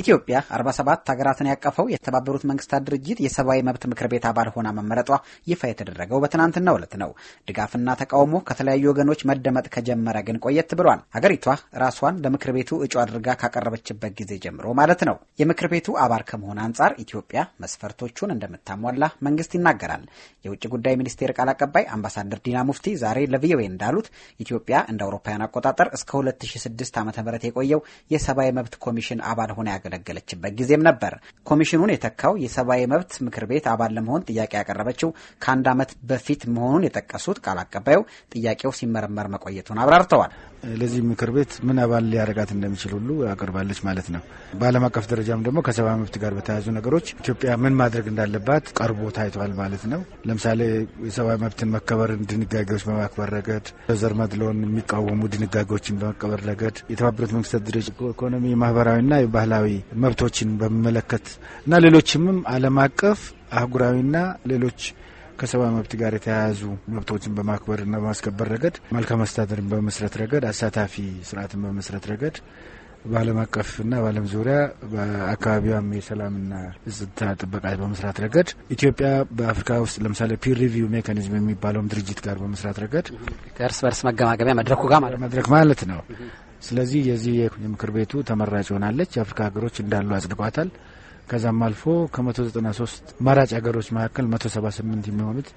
ኢትዮጵያ 47 ሀገራትን ያቀፈው የተባበሩት መንግስታት ድርጅት የሰብአዊ መብት ምክር ቤት አባል ሆና መመረጧ ይፋ የተደረገው በትናንትናው ዕለት ነው። ድጋፍና ተቃውሞ ከተለያዩ ወገኖች መደመጥ ከጀመረ ግን ቆየት ብሏል። ሀገሪቷ ራሷን ለምክር ቤቱ እጩ አድርጋ ካቀረበችበት ጊዜ ጀምሮ ማለት ነው። የምክር ቤቱ አባል ከመሆን አንጻር ኢትዮጵያ መስፈርቶቹን እንደምታሟላ መንግስት ይናገራል። የውጭ ጉዳይ ሚኒስቴር ቃል አቀባይ አምባሳደር ዲና ሙፍቲ ዛሬ ለቪኦኤ እንዳሉት ኢትዮጵያ እንደ አውሮፓውያን አቆጣጠር እስከ 2006 ዓ ም የቆየው የሰብአዊ መብት ኮሚሽን አባል ሆና ያገለገለችበት ጊዜም ነበር። ኮሚሽኑን የተካው የሰብአዊ መብት ምክር ቤት አባል ለመሆን ጥያቄ ያቀረበችው ከአንድ ዓመት በፊት መሆኑን የጠቀሱት ቃል አቀባዩ ጥያቄው ሲመረመር መቆየቱን አብራርተዋል። ለዚህ ምክር ቤት ምን አባል ሊያደርጋት እንደሚችል ሁሉ ያቀርባለች ማለት ነው። በዓለም አቀፍ ደረጃም ደግሞ ከሰብአዊ መብት ጋር በተያያዙ ነገሮች ኢትዮጵያ ምን ማድረግ እንዳለባት ቀርቦ ታይቷል ማለት ነው። ለምሳሌ የሰብአዊ መብትን መከበርን ድንጋጌዎች በማክበር ረገድ፣ በዘር መድሎን የሚቃወሙ ድንጋጌዎችን በመቀበር ረገድ የተባበሩት መንግስታት ድርጅት ኢኮኖሚ ማህበራዊና የባህላዊ መብቶችን በሚመለከት እና ሌሎችምም ዓለም አቀፍ አህጉራዊና ሌሎች ከሰብአዊ መብት ጋር የተያያዙ መብቶችን በማክበርና በማስከበር ረገድ፣ መልካም አስተዳደርን በመስረት ረገድ፣ አሳታፊ ስርዓትን በመስረት ረገድ በዓለም አቀፍና በዓለም ዙሪያ በአካባቢዋም የሰላምና ጸጥታ ጥበቃ በመስራት ረገድ ኢትዮጵያ በአፍሪካ ውስጥ ለምሳሌ ፒር ሪቪው ሜካኒዝም የሚባለውም ድርጅት ጋር በመስራት ረገድ ከእርስ በርስ መገማገሚያ መድረኩ ጋር መድረክ ማለት ነው። ስለዚህ የዚህ የምክር ቤቱ ተመራጭ ሆናለች። የአፍሪካ ሀገሮች እንዳሉ አጽድቋታል። ከዛም አልፎ ከ193 መራጭ ሀገሮች መካከል 178 የሚሆኑት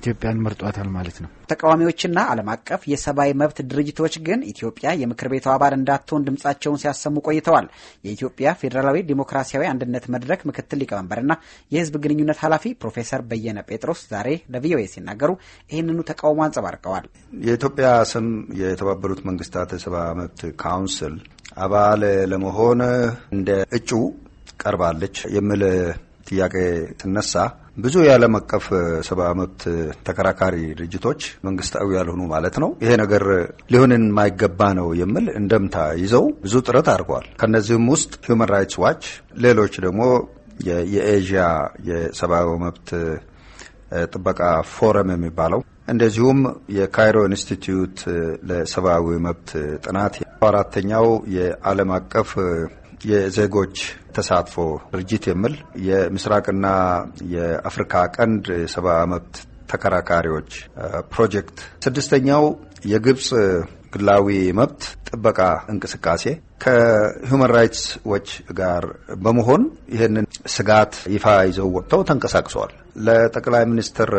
ኢትዮጵያን መርጧታል ማለት ነው። ተቃዋሚዎችና ዓለም አቀፍ የሰብአዊ መብት ድርጅቶች ግን ኢትዮጵያ የምክር ቤቱ አባል እንዳትሆን ድምጻቸውን ሲያሰሙ ቆይተዋል። የኢትዮጵያ ፌዴራላዊ ዲሞክራሲያዊ አንድነት መድረክ ምክትል ሊቀመንበርና የህዝብ ግንኙነት ኃላፊ ፕሮፌሰር በየነ ጴጥሮስ ዛሬ ለቪኦኤ ሲናገሩ ይህንኑ ተቃውሞ አንጸባርቀዋል። የኢትዮጵያ ስም የተባበሩት መንግስታት የሰብአዊ መብት ካውንስል አባል ለመሆን እንደ እጩ ቀርባለች የሚል ጥያቄ ስነሳ ብዙ የዓለም አቀፍ ሰብአዊ መብት ተከራካሪ ድርጅቶች መንግስታዊ ያልሆኑ ማለት ነው ይሄ ነገር ሊሆን የማይገባ ነው የሚል እንደምታ ይዘው ብዙ ጥረት አድርገዋል። ከነዚህም ውስጥ ሁማን ራይትስ ዋች፣ ሌሎች ደግሞ የኤዥያ የሰብአዊ መብት ጥበቃ ፎረም የሚባለው እንደዚሁም የካይሮ ኢንስቲትዩት ለሰብአዊ መብት ጥናት አራተኛው የዓለም አቀፍ የዜጎች ተሳትፎ ድርጅት የሚል የምስራቅና የአፍሪካ ቀንድ የሰብአዊ መብት ተከራካሪዎች ፕሮጀክት። ስድስተኛው የግብፅ ግላዊ መብት ጥበቃ እንቅስቃሴ ከሁማን ራይትስ ዎች ጋር በመሆን ይህንን ስጋት ይፋ ይዘው ወጥተው ተንቀሳቅሰዋል። ለጠቅላይ ሚኒስትር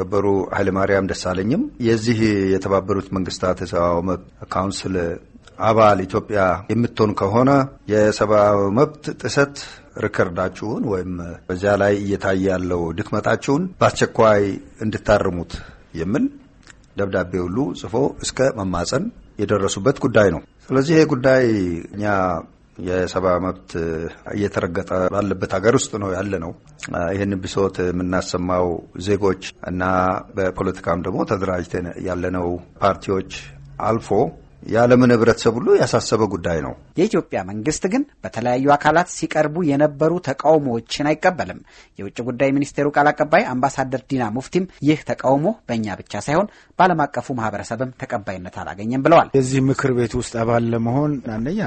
ገበሩ ኃይለማርያም ደሳለኝም የዚህ የተባበሩት መንግስታት የሰብአዊ መብት ካውንስል አባል ኢትዮጵያ የምትሆን ከሆነ የሰብአዊ መብት ጥሰት ሪከርዳችሁን ወይም በዚያ ላይ እየታየ ያለው ድክመታችሁን በአስቸኳይ እንድታርሙት የሚል ደብዳቤ ሁሉ ጽፎ እስከ መማፀን የደረሱበት ጉዳይ ነው። ስለዚህ ይሄ ጉዳይ እኛ የሰብአዊ መብት እየተረገጠ ባለበት ሀገር ውስጥ ነው ያለ ነው። ይህን ብሶት የምናሰማው ዜጎች እና በፖለቲካም ደግሞ ተደራጅተን ያለነው ፓርቲዎች አልፎ የዓለምን ህብረተሰብ ሁሉ ያሳሰበ ጉዳይ ነው። የኢትዮጵያ መንግስት ግን በተለያዩ አካላት ሲቀርቡ የነበሩ ተቃውሞዎችን አይቀበልም። የውጭ ጉዳይ ሚኒስቴሩ ቃል አቀባይ አምባሳደር ዲና ሙፍቲም ይህ ተቃውሞ በእኛ ብቻ ሳይሆን በዓለም አቀፉ ማህበረሰብም ተቀባይነት አላገኘም ብለዋል። የዚህ ምክር ቤት ውስጥ አባል ለመሆን አንደኛ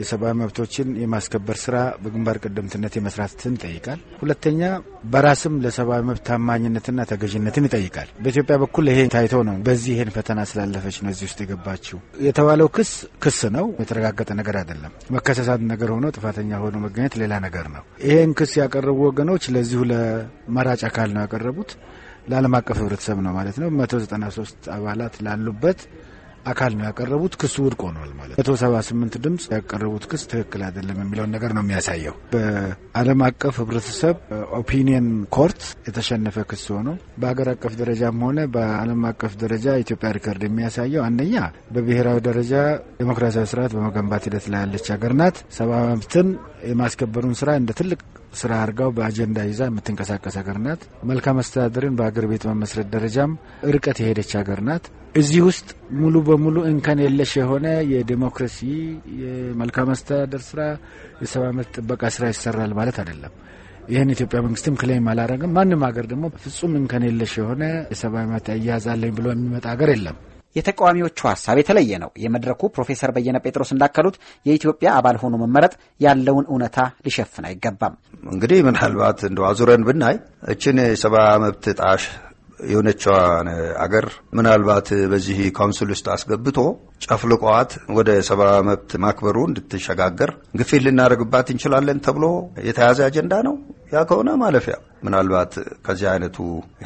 የሰብአዊ መብቶችን የማስከበር ስራ በግንባር ቀደምትነት የመስራትን ይጠይቃል። ሁለተኛ በራስም ለሰብአዊ መብት ታማኝነትና ተገዥነትን ይጠይቃል። በኢትዮጵያ በኩል ይሄ ታይቶ ነው። በዚህ ይሄን ፈተና ስላለፈች ነው እዚህ ውስጥ የገባችው። የተባለው ክስ ክስ ነው፣ የተረጋገጠ ነገር አይደለም። መከሰሳት ነገር ሆኖ ጥፋተኛ ሆኖ መገኘት ሌላ ነገር ነው። ይሄን ክስ ያቀረቡ ወገኖች ለዚሁ ለመራጭ አካል ነው ያቀረቡት፣ ለዓለም አቀፍ ህብረተሰብ ነው ማለት ነው። 193 አባላት ላሉበት አካል ነው ያቀረቡት። ክሱ ውድቅ ሆኗል ማለት መቶ ሰባ ስምንት ድምፅ ያቀረቡት ክስ ትክክል አይደለም የሚለውን ነገር ነው የሚያሳየው። በዓለም አቀፍ ህብረተሰብ ኦፒኒየን ኮርት የተሸነፈ ክስ ሆኖ በሀገር አቀፍ ደረጃም ሆነ በዓለም አቀፍ ደረጃ ኢትዮጵያ ሪከርድ የሚያሳየው አንደኛ በብሔራዊ ደረጃ ዴሞክራሲያዊ ስርዓት በመገንባት ሂደት ላይ ያለች ሀገር ናት። ሰብአዊ መብትን የማስከበሩን ስራ እንደ ትልቅ ስራ አድርጋው በአጀንዳ ይዛ የምትንቀሳቀስ ሀገር ናት። መልካም አስተዳደርን በሀገር ቤት መመስረት ደረጃም እርቀት የሄደች ሀገር ናት። እዚህ ውስጥ ሙሉ በሙሉ እንከን የለሽ የሆነ የዴሞክራሲ የመልካም አስተዳደር ስራ፣ የሰብአዊ መብት ጥበቃ ስራ ይሰራል ማለት አይደለም። ይህን ኢትዮጵያ መንግስትም ክሌም አላረግም። ማንም ሀገር ደግሞ ፍጹም እንከን የለሽ የሆነ የሰብአዊ መብት አያያዝ አለኝ ብሎ የሚመጣ ሀገር የለም። የተቃዋሚዎቹ ሀሳብ የተለየ ነው። የመድረኩ ፕሮፌሰር በየነ ጴጥሮስ እንዳከሉት የኢትዮጵያ አባል ሆኖ መመረጥ ያለውን እውነታ ሊሸፍን አይገባም። እንግዲህ ምናልባት እንደ አዙረን ብናይ እችን የሰብአ መብት ጣሽ የሆነችዋን አገር ምናልባት በዚህ ካውንስል ውስጥ አስገብቶ ጨፍልቋት ወደ ሰብአ መብት ማክበሩ እንድትሸጋገር ግፊት ልናደርግባት እንችላለን ተብሎ የተያዘ አጀንዳ ነው። ያ ከሆነ ማለፊያ ምናልባት ከዚህ አይነቱ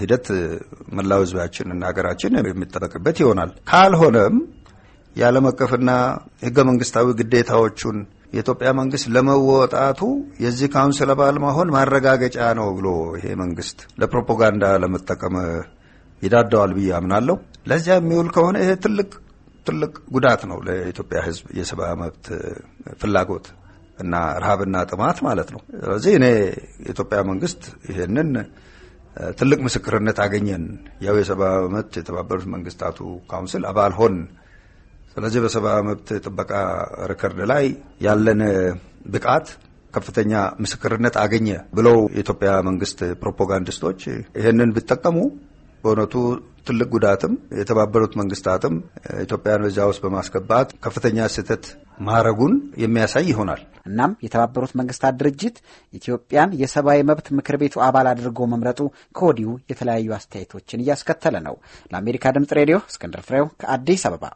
ሂደት መላው ህዝባችንና ሀገራችን የሚጠበቅበት ይሆናል። ካልሆነም የዓለም አቀፍና ህገ መንግስታዊ ግዴታዎቹን የኢትዮጵያ መንግስት ለመወጣቱ የዚህ ካውንስል አባል መሆን ማረጋገጫ ነው ብሎ ይሄ መንግስት ለፕሮፓጋንዳ ለመጠቀም ይዳደዋል ብዬ አምናለሁ። ለዚያ የሚውል ከሆነ ይሄ ትልቅ ትልቅ ጉዳት ነው ለኢትዮጵያ ህዝብ የሰብአዊ መብት ፍላጎት እና ረሃብና ጥማት ማለት ነው። ስለዚህ እኔ የኢትዮጵያ መንግስት ይሄንን ትልቅ ምስክርነት አገኘን። ያው የሰብአዊ መብት የተባበሩት መንግስታቱ ካውንስል አባል ሆን። ስለዚህ በሰብአዊ መብት ጥበቃ ሪከርድ ላይ ያለን ብቃት ከፍተኛ ምስክርነት አገኘ ብለው የኢትዮጵያ መንግስት ፕሮፓጋንዲስቶች ይህንን ቢጠቀሙ በእውነቱ ትልቅ ጉዳትም የተባበሩት መንግስታትም ኢትዮጵያን በዚያ ውስጥ በማስገባት ከፍተኛ ስህተት ማረጉን የሚያሳይ ይሆናል። እናም የተባበሩት መንግስታት ድርጅት ኢትዮጵያን የሰብአዊ መብት ምክር ቤቱ አባል አድርጎ መምረጡ ከወዲሁ የተለያዩ አስተያየቶችን እያስከተለ ነው። ለአሜሪካ ድምጽ ሬዲዮ እስክንድር ፍሬው ከአዲስ አበባ